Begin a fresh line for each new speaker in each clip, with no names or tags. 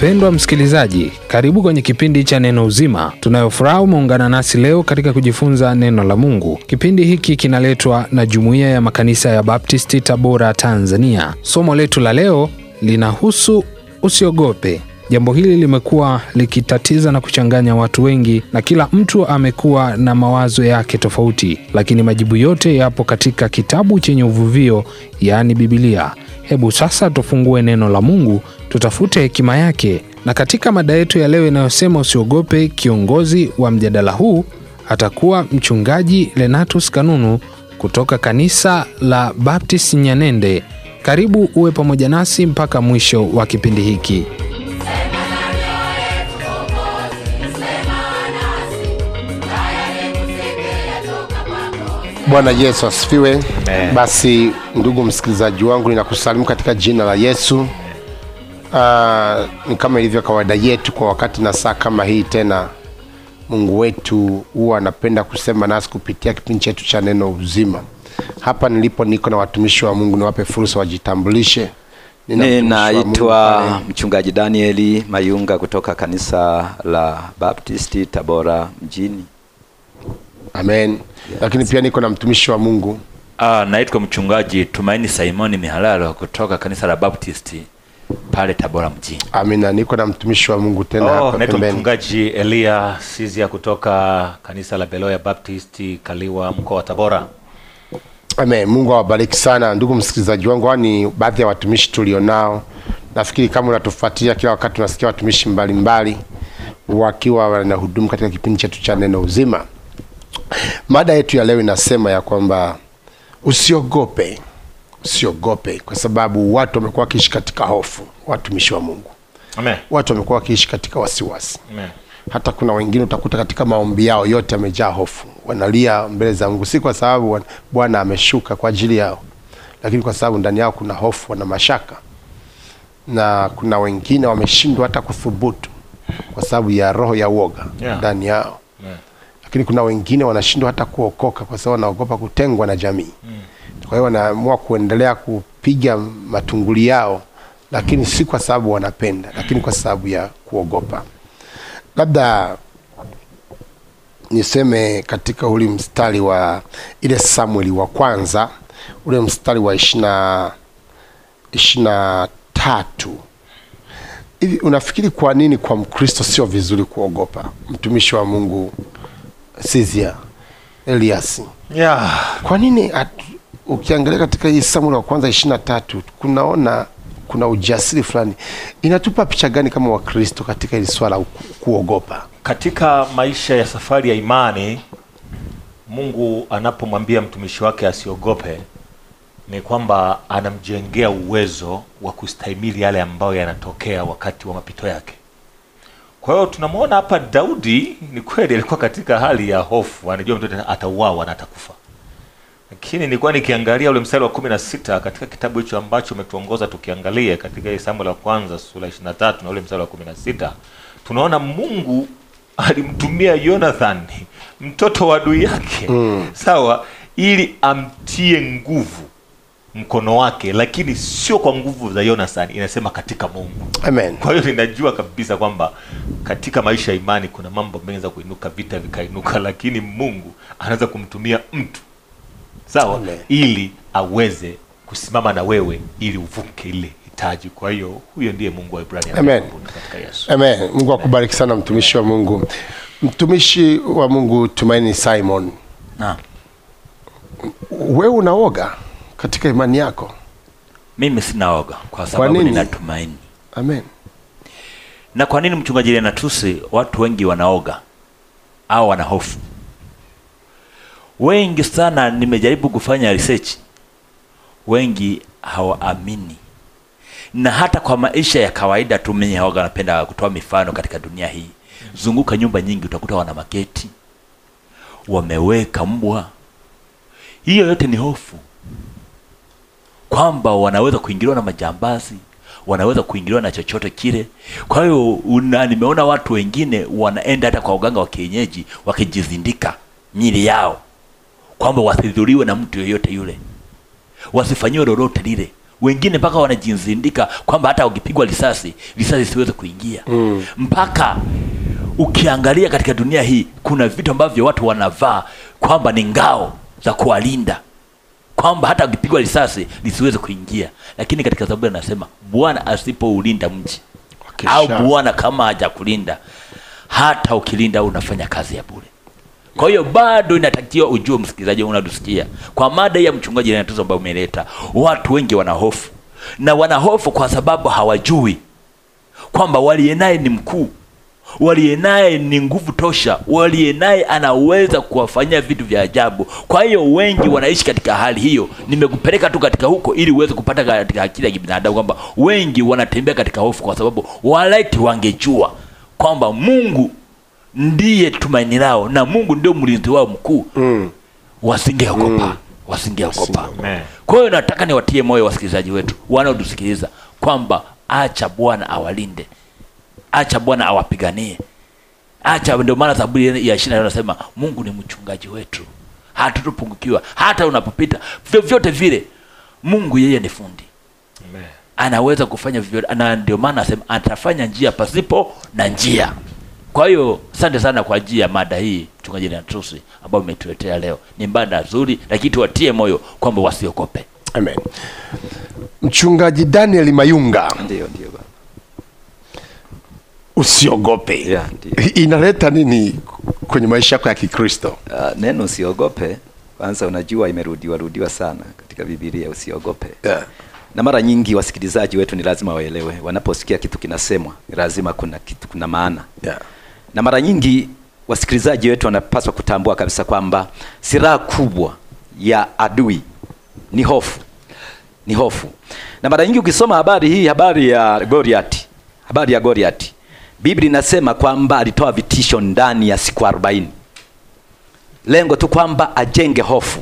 Mpendwa msikilizaji, karibu kwenye kipindi cha Neno Uzima. Tunayofuraha umeungana nasi leo katika kujifunza neno la Mungu. Kipindi hiki kinaletwa na Jumuiya ya Makanisa ya Baptisti Tabora, Tanzania. Somo letu la leo linahusu usiogope. Jambo hili limekuwa likitatiza na kuchanganya watu wengi na kila mtu amekuwa na mawazo yake tofauti, lakini majibu yote yapo katika kitabu chenye uvuvio, yaani Bibilia. Hebu sasa tufungue neno la Mungu, tutafute hekima yake. Na katika mada yetu ya leo inayosema usiogope, kiongozi wa mjadala huu atakuwa Mchungaji Lenatus Kanunu kutoka kanisa la Baptist Nyanende. Karibu uwe pamoja nasi mpaka mwisho wa kipindi hiki.
Bwana Yesu asifiwe. Amen. Basi ndugu msikilizaji wangu, ninakusalimu katika jina la Yesu. Aa, ah, ni kama ilivyo kawaida yetu kwa wakati na saa kama hii tena, Mungu wetu huwa anapenda kusema nasi kupitia kipindi chetu cha neno uzima. Hapa nilipo niko na watumishi wa Mungu, niwape fursa wajitambulishe. Ninaitwa mchungaji Danieli Mayunga kutoka kanisa
la Baptisti Tabora mjini amen yes. lakini pia niko na mtumishi wa mungu ah, naitwa mchungaji tumaini simoni mihalalo kutoka kanisa la
baptisti pale tabora mjini amina niko na mtumishi wa mungu tena oh, hapa naitwa mchungaji
elia sizia kutoka kanisa la beloya baptisti kaliwa mkoa wa
tabora Amen. Mungu awabariki sana ndugu msikilizaji wangu. ni baadhi ya watumishi tulionao. Nafikiri kama unatufuatilia kila wakati, unasikia watumishi mbalimbali mbali, wakiwa wanahudumu katika kipindi chetu cha neno uzima. Mada yetu ya leo inasema ya kwamba usiogope, usiogope, kwa sababu watu wamekuwa wakiishi katika hofu, watumishi wa Mungu. Amen. Watu wamekuwa wakiishi katika wasiwasi. Amen. Hata kuna wengine utakuta katika maombi yao yote yamejaa hofu, wanalia mbele za Mungu, si kwa sababu Bwana ameshuka kwa ajili yao, lakini kwa sababu ndani yao kuna hofu, wana mashaka, na kuna wengine wameshindwa hata kuthubutu kwa sababu ya roho ya uoga ndani yeah. yao lakini kuna wengine wanashindwa hata kuokoka kwa sababu wanaogopa kutengwa na jamii mm. kwa hiyo wanaamua kuendelea kupiga matunguli yao lakini si kwa sababu wanapenda lakini kwa sababu ya kuogopa labda niseme katika uli mstari wa ile samueli wa kwanza ule mstari wa ishina ishina tatu hivi unafikiri kwa nini kwa mkristo sio vizuri kuogopa mtumishi wa mungu Sizia Elias. Yeah. Kwa nini ukiangalia katika hii Samueli wa kwanza ishirini na tatu kunaona kuna ujasiri fulani, inatupa picha gani kama Wakristo katika hili swala kuogopa katika
maisha ya safari ya imani? Mungu anapomwambia mtumishi wake asiogope ni kwamba anamjengea uwezo wa kustahimili yale ambayo yanatokea wakati wa mapito yake. Kwa hiyo tunamwona hapa Daudi ni kweli alikuwa katika hali ya hofu, anajua mtoto atauawa na atakufa. Lakini nilikuwa nikiangalia ule mstari wa kumi na sita katika kitabu hicho ambacho umetuongoza tukiangalia katika Samueli la kwanza sura ishirini na tatu na ule mstari wa kumi na sita tunaona Mungu alimtumia Jonathan mtoto wa adui yake mm. sawa, ili amtie nguvu mkono wake, lakini sio kwa nguvu za Jonathan, inasema katika Mungu. Amen. Kwa hiyo ninajua kabisa kwamba katika maisha ya imani kuna mambo mengi za kuinuka, vita vikainuka, lakini Mungu anaweza kumtumia mtu sawa, Amen. ili aweze kusimama na wewe ili uvuke ile hitaji. Kwa hiyo huyo ndiye Mungu wa Ibrania. Amen. Katika Yesu. Amen.
Mungu akubariki sana mtumishi wa Mungu, mtumishi wa Mungu Tumaini Simon. Naam. Wewe unaoga? katika imani yako? Mimi sinaoga
kwa sababu ninatumaini. Amen. Na kwa nini mchungaji anatusi? Watu wengi wanaoga au wana hofu. Wengi sana, nimejaribu kufanya research, wengi hawaamini na hata kwa maisha ya kawaida tu. Mimi hawaga, napenda kutoa mifano katika dunia hii. Zunguka nyumba nyingi, utakuta wana maketi, wameweka mbwa. Hiyo yote ni hofu kwamba wanaweza kuingiliwa na majambazi, wanaweza kuingiliwa na chochote kile. Kwa hiyo una, nimeona watu wengine wanaenda hata kwa uganga wa kienyeji wakijizindika mili yao kwamba wasidhuriwe na mtu yoyote yule, wasifanyiwe lolote lile. Wengine mpaka wanajizindika kwamba hata wakipigwa risasi, risasi siweze kuingia mm. mpaka ukiangalia katika dunia hii kuna vitu ambavyo watu wanavaa kwamba ni ngao za kuwalinda kwamba hata ukipigwa risasi lisiweze kuingia, lakini katika Zaburi anasema Bwana asipoulinda mji
au Bwana
kama hajakulinda, hata ukilinda unafanya kazi ya bure. Kwa hiyo bado inatakiwa ujue, msikilizaji, unatusikia kwa mada ya mchungaji Renatus ambayo umeleta. Watu wengi wanahofu na wanahofu kwa sababu hawajui kwamba walienaye ni mkuu waliye naye ni nguvu tosha, waliye naye anaweza kuwafanyia vitu vya ajabu. Kwa hiyo wengi wanaishi katika hali hiyo. Nimekupeleka tu katika huko ili uweze kupata katika akili ya kibinadamu kwamba wengi wanatembea katika hofu, kwa sababu walaiti wangejua kwamba Mungu ndiye tumaini lao na Mungu ndio mlinzi wao mkuu, mm. wasingeogopa mm. wasingeogopa. Kwa hiyo nataka niwatie moyo wasikilizaji wetu wanaotusikiliza kwamba acha Bwana awalinde acha Bwana awapiganie, acha. Ndio maana Zaburi ya ishirini anasema Mungu ni mchungaji wetu, hatutupungukiwa. Hata unapopita vyovyote vile, Mungu yeye ni fundi Amen. Anaweza kufanya vyote, na ndio maana anasema atafanya njia pasipo na njia. Kwa hiyo asante sana kwa ajili ya mada hii mchungaji na ambayo umetuletea leo. Ni mada nzuri, lakini tuwatie moyo kwamba wasiokope. Amen.
Mchungaji Daniel
Mayunga. Ndio, ndio usiogope yeah,
inaleta nini kwenye maisha yako ya Kikristo? Uh, neno usiogope kwanza, unajua imerudiwa rudiwa sana katika Biblia, usiogope yeah. Na mara nyingi wasikilizaji wetu ni lazima waelewe, wanaposikia kitu kinasemwa ni lazima kuna kitu, kuna maana yeah. Na mara nyingi wasikilizaji wetu wanapaswa kutambua kabisa kwamba silaha kubwa ya adui ni hofu, ni hofu. Na mara nyingi ukisoma habari hii, habari ya Goliati, habari ya Goliati Biblia inasema kwamba alitoa vitisho ndani ya siku arobaini, lengo tu kwamba ajenge hofu.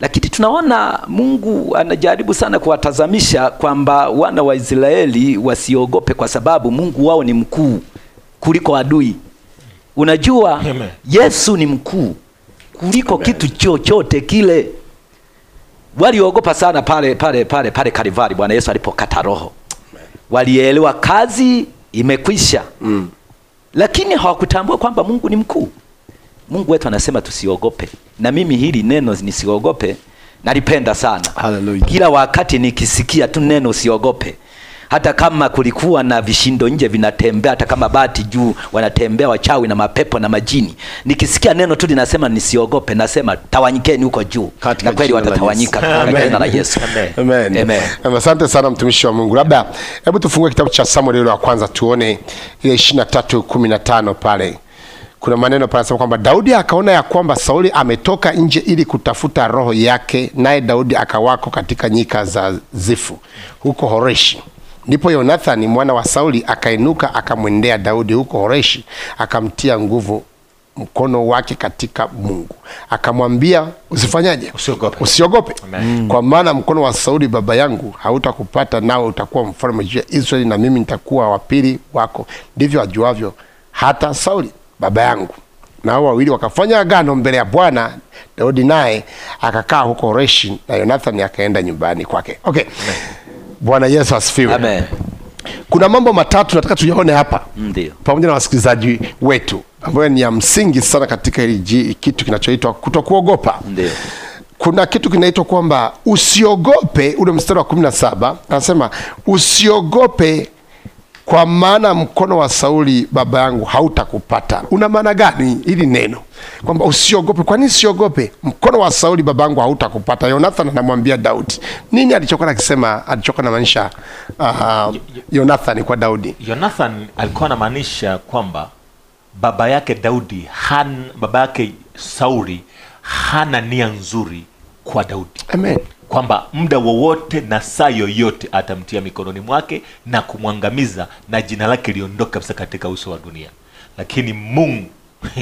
Lakini tunaona Mungu anajaribu sana kuwatazamisha kwamba wana wa Israeli wasiogope, kwa sababu Mungu wao ni mkuu kuliko adui. Unajua Amen. Yesu ni mkuu kuliko Amen. kitu chochote kile. Waliogopa sana pale pale pale pale Kalivari, Bwana Yesu alipokata roho, walielewa kazi imekwisha mm. Lakini hawakutambua kwamba Mungu ni mkuu. Mungu wetu anasema tusiogope, na mimi hili neno nisiogope nalipenda sana. Hallelujah. Kila wakati nikisikia tu neno usiogope hata kama kulikuwa na vishindo nje vinatembea, hata kama bati juu wanatembea wachawi na mapepo na majini, nikisikia neno tu linasema nisiogope, nasema tawanyikeni huko
juu, na kweli watatawanyika katika jina la Yesu. Amen. Amen. Asante sana mtumishi wa Mungu. Labda hebu tufungue kitabu cha Samueli ya kwanza tuone ile 23:15 pale kuna maneno panasema kwamba Daudi akaona ya kwamba Sauli ametoka nje ili kutafuta roho yake, naye Daudi akawako katika nyika za Zifu huko Horeshi. Ndipo Yonathani mwana wa Sauli akainuka akamwendea Daudi huko Horeshi, akamtia nguvu mkono wake katika Mungu, akamwambia usifanyaje? Usiogope, usiogope, mm. kwa maana mkono wa Sauli baba yangu hautakupata, nawe utakuwa mfalme juu ya Israeli, na mimi nitakuwa wa pili wako, ndivyo ajuavyo hata Sauli baba yangu. Nao wawili wakafanya agano mbele ya Bwana. Daudi naye akakaa huko Horeshi, na Yonathani akaenda nyumbani kwake. Okay. Amen. Bwana Yesu asifiwe. Amen. Kuna mambo matatu nataka tuyaone hapa mm, ndio, pamoja na wasikilizaji wetu, ambayo ni ya msingi sana katika hili kitu kinachoitwa kutokuogopa. Ndio, kuna kitu kinaitwa kwamba usiogope. Ule mstari wa kumi na saba anasema usiogope, kwa maana mkono wa Sauli baba yangu hautakupata. Una maana gani hili neno? kwamba usiogope. Kwa nini siogope? Mkono wa Sauli babangu hautakupata. Yonathan anamwambia Daudi nini alichokuwa akisema, alichokuwa maanisha uh, Yonathan kwa Daudi.
Yonathan alikuwa anamaanisha kwamba baba yake Daudi han, baba yake Sauli hana nia nzuri kwa Daudi. Amen kwamba muda wowote na saa yoyote atamtia mikononi mwake na kumwangamiza na jina lake liondoke kabisa katika uso wa dunia, lakini Mungu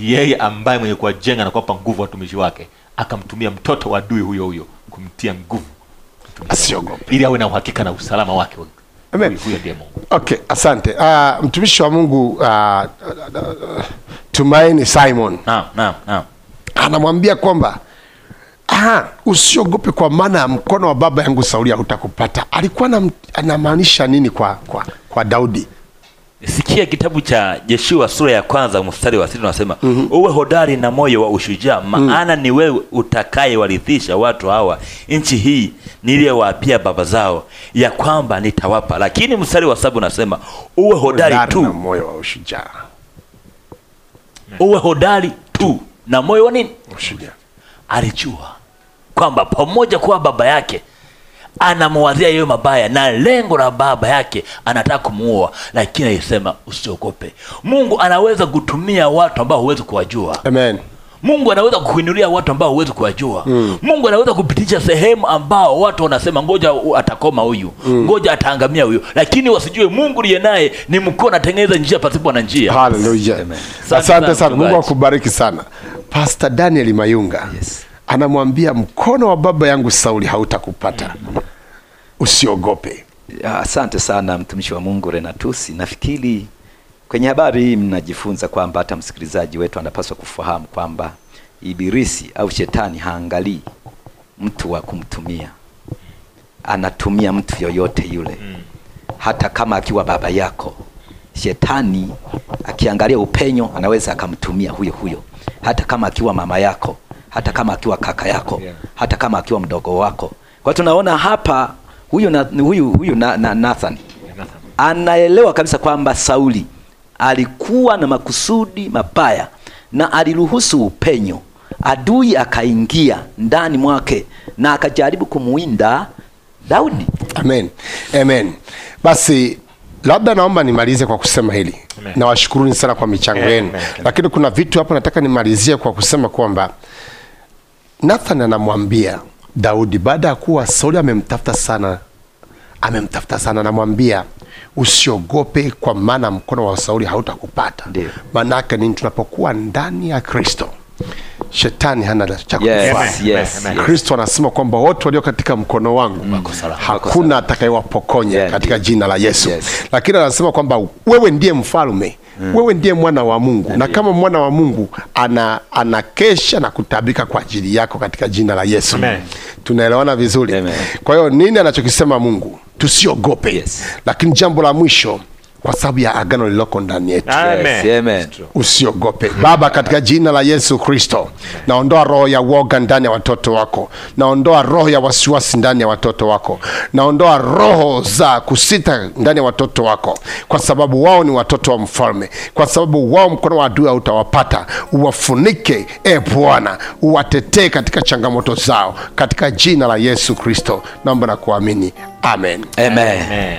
yeye ambaye mwenye kuwajenga na kuwapa nguvu watumishi wake, akamtumia mtoto wa adui huyo huyo kumtia nguvu ili awe na uhakika na usalama
wake. Amen. Huyo ndiye Mungu. Okay, asante. Uh, mtumishi wa Mungu uh, uh, Tumaini Simon. Naam, naam, naam. Anamwambia kwamba Aha, usiogope kwa maana ya mkono wa baba yangu Sauli hautakupata. Alikuwa anamaanisha nini kwa, kwa, kwa Daudi?
Sikia kitabu cha Jeshua sura ya kwanza mstari wa sita unasema, mm -hmm. uwe hodari na moyo wa ushujaa, mhm. maana mm. ni wewe utakayewarithisha watu hawa nchi hii niliyowaapia baba zao ya kwamba nitawapa. Lakini mstari wa saba unasema, uwe hodari, hodari tu na moyo wa ushujaa, uwe hodari tu na moyo wa nini? Ushujaa. Alijua kwamba pamoja kuwa baba yake anamwazia yeye mabaya na lengo la baba yake, anataka kumuua, lakini alisema usiogope. Mungu anaweza kutumia watu ambao huwezi kuwajua. Amen. Mungu anaweza kukuinulia watu ambao huwezi kuwajua. Mm. Mungu anaweza kupitisha sehemu ambao watu wanasema ngoja atakoma huyu, mm. ngoja ataangamia huyu, lakini wasijue Mungu liye naye ni mkuu, anatengeneza njia pasipo na njia. Haleluya.
Asante sana, Mungu akubariki sana Pastor Daniel Mayunga. Yes anamwambia mkono wa baba yangu Sauli hautakupata, usiogope.
Asante sana mtumishi wa Mungu Renatusi. Nafikiri kwenye habari hii mnajifunza kwamba hata msikilizaji wetu anapaswa kufahamu kwamba Ibilisi au shetani haangalii mtu wa kumtumia, anatumia mtu yoyote yule, mm. hata kama akiwa baba yako. Shetani akiangalia upenyo, anaweza akamtumia huyo huyo, hata kama akiwa mama yako hata kama akiwa kaka yako, hata kama akiwa mdogo wako. Kwa tunaona hapa huyu na, huyu, huyu na, na Nathan anaelewa kabisa kwamba Sauli alikuwa na makusudi mabaya na aliruhusu upenyo, adui akaingia ndani mwake
na akajaribu kumuinda Daudi. Amen. Amen. Basi labda naomba nimalize kwa kusema hili. Nawashukuruni sana kwa michango yenu, lakini kuna vitu hapo nataka nimalizie kwa kusema kwamba Nathan anamwambia Daudi baada ya kuwa Sauli amemtafuta sana, amemtafuta sana, anamwambia usiogope, kwa maana mkono wa Sauli hautakupata. Maana yake ni tunapokuwa ndani ya Kristo shetani hana cha kufanya. Yes, yes, Kristo anasema kwamba wote walio katika mkono wangu mm, hakuna atakayewapokonya yeah, katika jina la Yesu yes. Lakini anasema kwamba wewe ndiye mfalme mm. wewe ndiye mwana wa Mungu Na kama mwana wa Mungu ana anakesha na kutabika kwa ajili yako katika jina la Yesu. Tunaelewana vizuri? Amen. Kwa hiyo nini anachokisema Mungu? Tusiogope. Yes. Lakini jambo la mwisho kwa sababu ya agano liloko ndani yetu. Amen. Amen. Usiogope. Baba, katika jina la Yesu Kristo, naondoa roho ya woga ndani ya watoto wako, naondoa roho ya wasiwasi ndani ya watoto wako, naondoa roho za kusita ndani ya watoto wako, kwa sababu wao ni watoto wa mfalme, kwa sababu wao mkono wa adui hautawapata. Uwafunike e Bwana, uwatetee katika changamoto zao, katika jina la Yesu Kristo naomba na kuamini. Amen. Amen. Amen.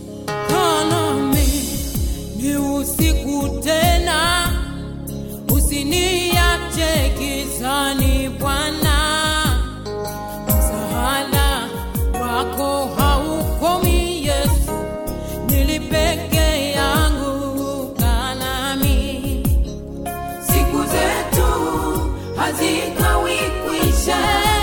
zikawikwisha